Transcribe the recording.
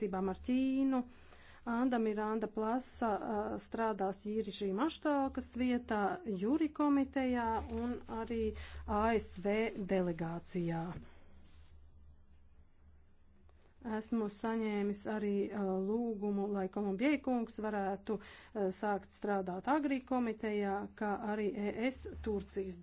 attiecībām ar Ķīnu. Anda Miranda Plasa strādās Jīrišī Maštalkas vietā, Juri komitejā un arī ASV delegācijā. Esmu saņēmis arī uh, lūgumu, lai Kolumbijai kungs varētu uh, sākt strādāt agrī komitejā, kā arī ES Turcijas